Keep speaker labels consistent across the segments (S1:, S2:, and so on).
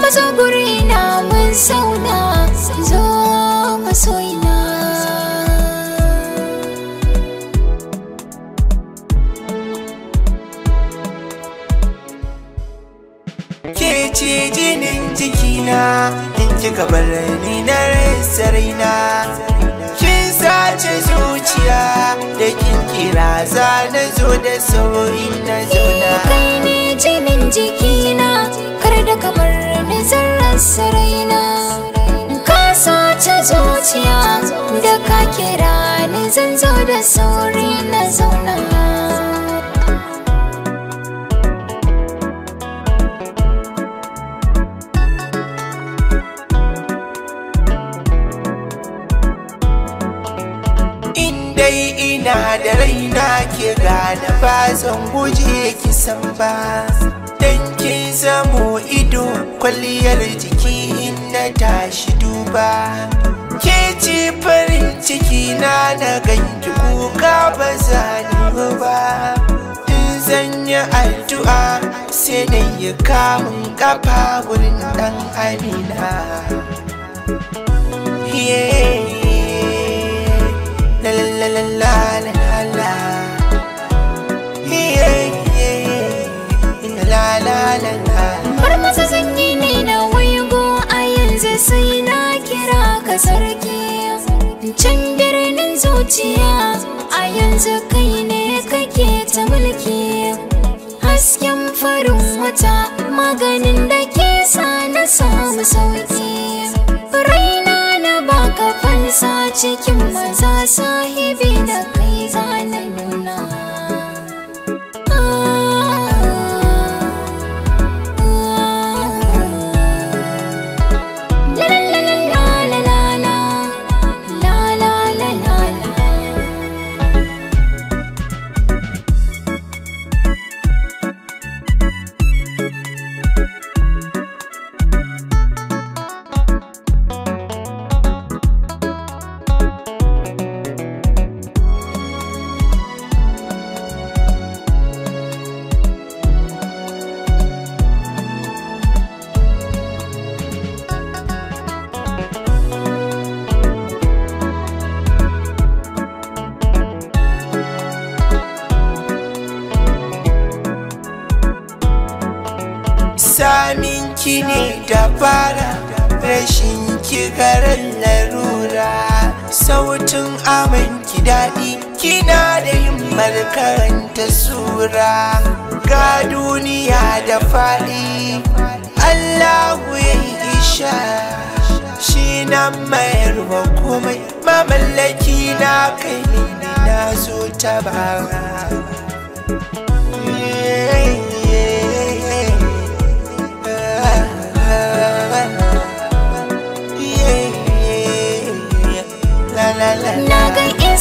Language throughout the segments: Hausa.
S1: Mazo guri na mun
S2: zauna zo masoyina
S1: Ke ce jinin jikina in kika bar ni na rai kira za na zo da sauri na zauna kai
S2: ne jinin jikina kar da kamar na zarran saraina ka sace zuciya da ka kira ni zan zo da sauri na zauna
S1: dai ina da raina ki gane ba zan guje ki san ba dan ki zamo ido kwalliyar jiki in na tashi duba ke ci farin ciki na na ganki kuka ba zani ba in zan yi addu'a sai na yi kamun kafa wurin dan amina yeah. la la la Har sanyi ne na waigo a yanzu
S2: sai na kira ka sarki Can birnin zuciya a yanzu kai ne kake ta mulki Hasken farin wata maganin da ke sa na samu sauki Raina na baka fansa cikin maza sahibi da kaiza
S1: samin ki ne da fara rashin ki narura. larura sautin aman ki daɗi kina da yin markaranta sura ga duniya da faɗi allahu ya yi isha shi na mayarwa komai mamallaki na kai na zo ta bara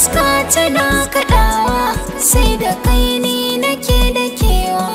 S1: iska
S2: tana kaɗawa sai da kai ne nake da kewa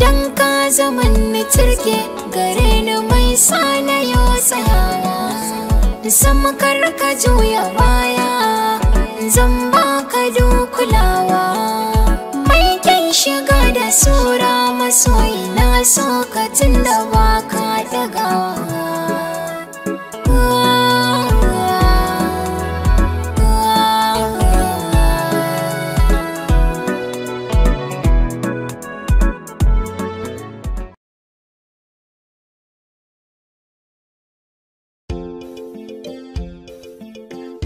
S2: Don ka zaman ni turke gare ni mai sana yau tsayawa sama karka ka juya baya zan baka kulawa mai kyan shiga da sura masoyi na so ka tun da baka dagawa